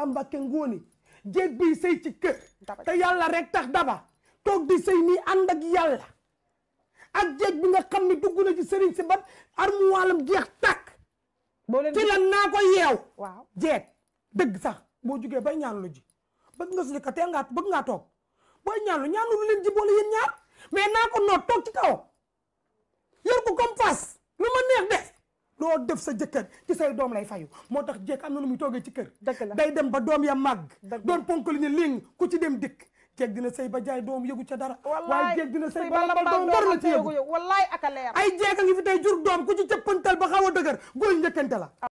Moustapha Mbacke Ngóone jéeg biy sëy ci kër te yàlla rek tax daba toog di sëy nii ànd ak yàlla ak jéeg bi nga xam ne dugg na ci sëriñ si bat armuwaalam jeex tàkk ci lan naa ko yeew waaw jeeg dëgg sax boo jugee bay ñaan lu ji bëgg nga sujika teel ngaa bëgg ngaa toog booy ñaan lu ñaan lu leen ji boole yéen ñaar mais naa ko noot toog ci kaw yor ko comme fas loo def sa jëkkër ci say doom lay fayu moo tax jekk am na nu muy toogee ci kër day dem ba doom ya màgg doon ponk li ñu ling ku ci dem dikk jeeg dina sëy ba jaay doom yëgu ca dara waaye jeeg dina sëy ba lambal doom war la ci yëgu wallaay ak a leer ay jeeg a ngi fi tey jur doom ku ci cëppantal ba xaw a dëgër góor njëkkante la